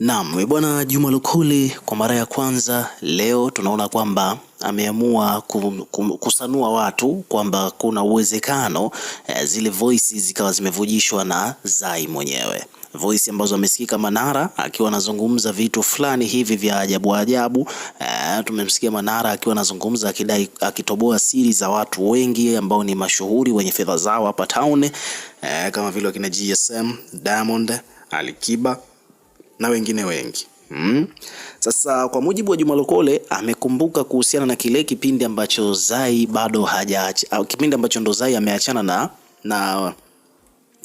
Naam, bwana Juma lukuli kwa mara ya kwanza leo tunaona kwamba ameamua kusanua watu kwamba kuna uwezekano eh, zile voices zikawa zimevujishwa na Zai mwenyewe voice ambazo amesikika Manara akiwa anazungumza vitu fulani hivi vya ajabu ajabu. E, tumemsikia Manara akiwa anazungumza akidai, akitoboa siri za watu wengi ambao ni mashuhuri wenye fedha zao hapa town e, kama vile wakina GSM, Diamond, Alikiba na wengine wengi hmm. Sasa kwa mujibu wa Juma Lokole amekumbuka kuhusiana na kile kipindi ambacho Zai bado hajaacha au kipindi ambacho ndo Zai ameachana na, na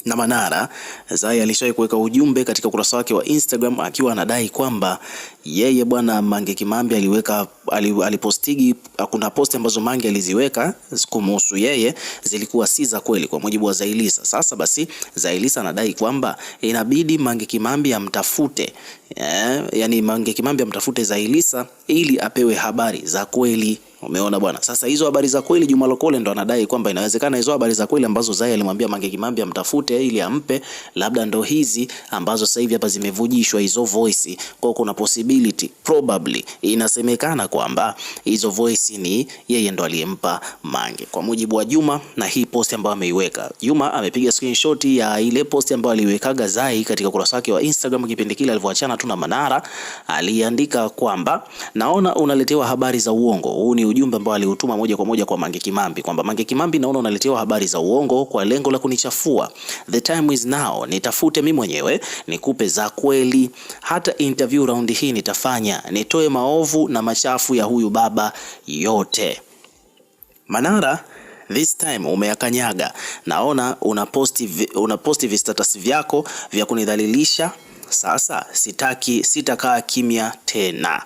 na Manara. Zai alishawahi kuweka ujumbe katika ukurasa wake wa Instagram akiwa anadai kwamba yeye bwana Mange Kimambi aliweka alipostigi kuna posti ambazo Mange aliziweka kumhusu yeye zilikuwa si za kweli, kwa mujibu wa Zailisa. Sasa basi, Zailisa anadai kwamba inabidi Mange Kimambi amtafute yeah, yani Mange Kimambi amtafute Zailisa ili apewe habari za kweli. Umeona bwana. Sasa hizo habari za kweli Juma Lokole ndo anadai kwamba inawezekana hizo habari za kweli ambazo Zai alimwambia Mange Kimambi amtafute ili ampe, labda ndo hizi ambazo sasa hivi hapa zimevujishwa hizo voice. Kwa kuna possibility probably inasemekana kwa kwamba hizo voice ni yeye ndo aliyempa Mange, kwa mujibu wa Juma na hii post ambayo ameiweka Juma. Amepiga screenshot ya ile post ambayo aliwekaga Zai katika ukurasa wake wa Instagram kipindi kile alivyoachana tu na Manara, aliandika kwamba naona unaletewa habari za uongo. Huu ni ujumbe ambao aliutuma moja kwa moja kwa Mange Kimambi kwamba Mange Kimambi, naona unaletewa habari za uongo kwa lengo la kunichafua. The time is now, nitafute mimi mwenyewe nikupe za kweli. Hata interview round hii nitafanya, nitoe maovu na machafu machafu ya huyu baba yote. Manara, this time umeyakanyaga. Naona unaposti unaposti vistatus vyako vya kunidhalilisha. Sasa sitaki, sitakaa kimya tena.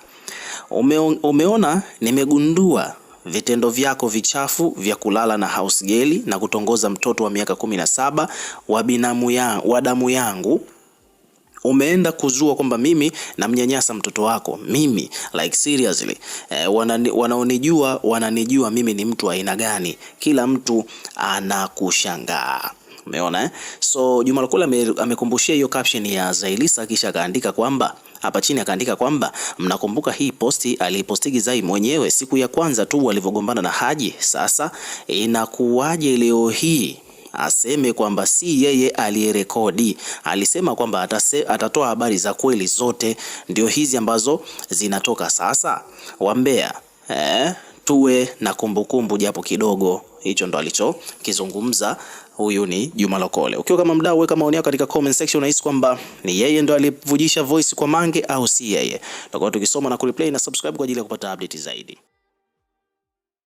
Ume, umeona nimegundua vitendo vyako vichafu vya kulala na house girl na kutongoza mtoto wa miaka kumi na saba wa binamu ya, wa damu yangu umeenda kuzua kwamba mimi namnyanyasa mtoto wako, mimi like seriously E, wanaonijua wananijua mimi ni mtu aina gani. Kila mtu anakushangaa. Umeona eh? So Juma Lokole amekumbushia hiyo caption ya Zailisa kisha akaandika kwamba hapa chini akaandika kwamba mnakumbuka hii posti alipostiki Zai mwenyewe siku ya kwanza tu walivyogombana na Haji. Sasa inakuwaje leo hii aseme kwamba si yeye aliyerekodi. Alisema kwamba atatoa habari za kweli zote, ndio hizi ambazo zinatoka sasa. Wambea eh, tuwe na kumbukumbu japo kidogo. Hicho ndo alichokizungumza huyu ni Juma Lokole. Ukiwa kama mdau, weka maoni yako katika comment section. Unahisi kwamba ni yeye ndo alivujisha voice kwa Mange au si yeye? Tutakuwa tukisoma na kuliplay na subscribe kwa ajili ya kupata update zaidi.